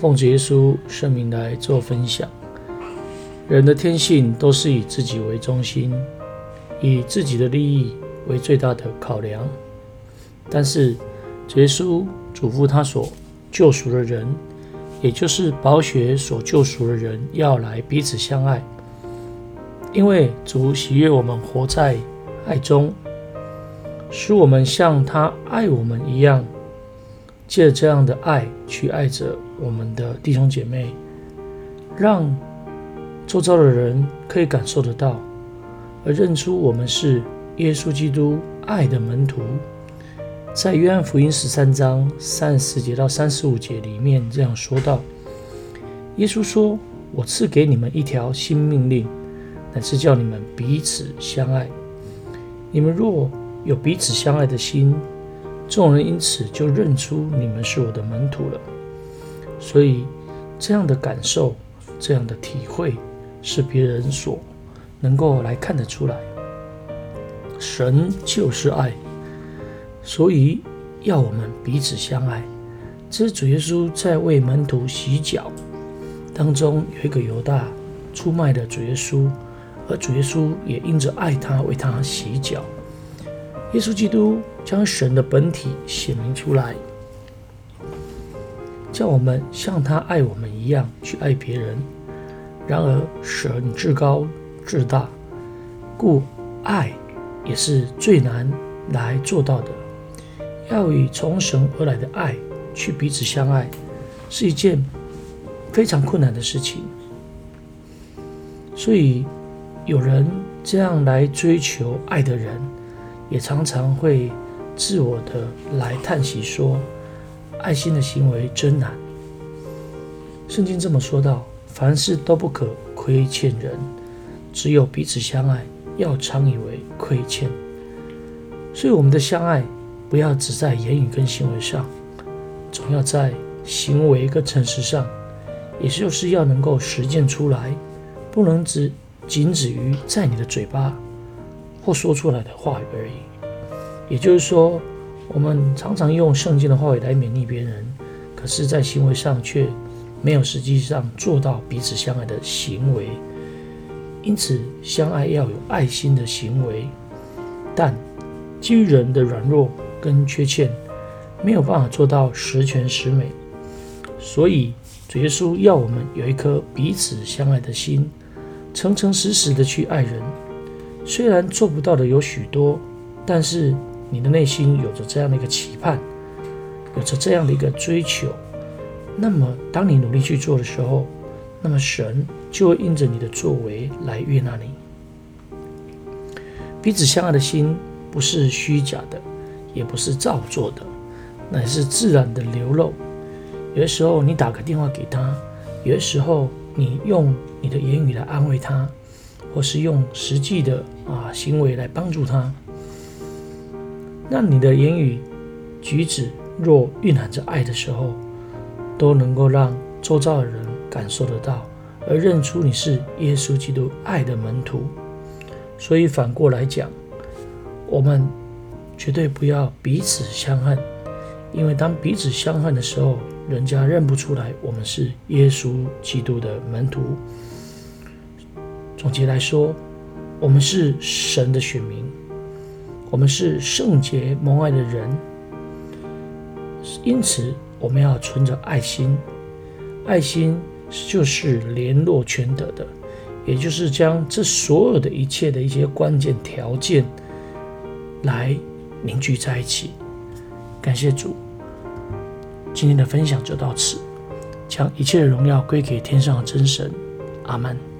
奉主耶穌聖名來做分享。人的天性都是以自己為中心，以自己的利益為最大的考量。但是，耶穌囑咐他所救贖的人，也就是寶血所救贖的人，要來彼此相愛，因為主喜悅我們活在愛中，使我們像他愛我們一樣。借着這樣的愛去愛着我們的弟兄姐妹，讓周遭的人可以感受得到，而認出我們是耶穌基督愛的門徒。在約翰福音十三章三十四節到三十五節裡面這樣說道：“耶穌說，我賜給你們一條新命令，乃是叫你們彼此相愛。你們若有彼此相愛的心。”眾人因此就認出你們是我的門徒了，所以這樣的感受、這樣的體會是別人所能夠來看得出來。神就是愛，所以要我們彼此相愛。這是主耶穌在為門徒洗腳當中，有一個猶大出賣了主耶穌，而主耶穌也因着愛他，為他洗腳。耶穌基督將神的本體顯明出來，叫我們像他愛我們一樣去愛別人。然而，神至高至大，故愛也是最難來做到的。要以從神而來的愛去彼此相愛，是一件非常困難的事情。所以，有人這樣來追求愛的人。也常常會自我的來嘆息說：“愛心的行為真難。”聖經這麼說道：“凡事都不可虧欠人，只有彼此相愛，要常以為虧欠。”所以我們的相愛不要只在言語跟行為上，總要在行為跟誠實上，也就是要能夠實踐出來，不能只僅止於在你的嘴巴或說出來的話語而已。也就是說，我們常常用聖經的話語來勉勵別人，可是，在行為上卻沒有實際上做到彼此相愛的行為。因此，相愛要有愛心的行為，但基於人的軟弱跟缺陷，沒有辦法做到十全十美。所以，主耶穌要我們有一顆彼此相愛的心，誠誠實實的去愛人。雖然做不到的有許多，但是，你的內心有着這樣的一個期盼，有着這樣的一個追求，那麼當你努力去做的時候，那麼神就會應着你的作為來悅納你。彼此相愛的心不是虛假的，也不是造作的，乃是自然的流露。有的時候你打個電話給他，有的時候你用你的言語來安慰他，或是用實際的啊行為來幫助他。那你的言語、舉止若蘊含着愛的時候，都能夠讓周遭的人感受得到，而認出你是耶穌基督愛的門徒。所以反過來講，我們絕對不要彼此相恨，因為當彼此相恨的時候，人家認不出來我們是耶穌基督的門徒。總結來說，我們是神的選民。我們是聖潔蒙愛的人，因此我們要存着愛心。愛心就是聯絡全德的，也就是將這所有的一切的一些關鍵條件來凝聚在一起。感謝主，今天的分享就到此，將一切的榮耀歸給天上的真神。阿們。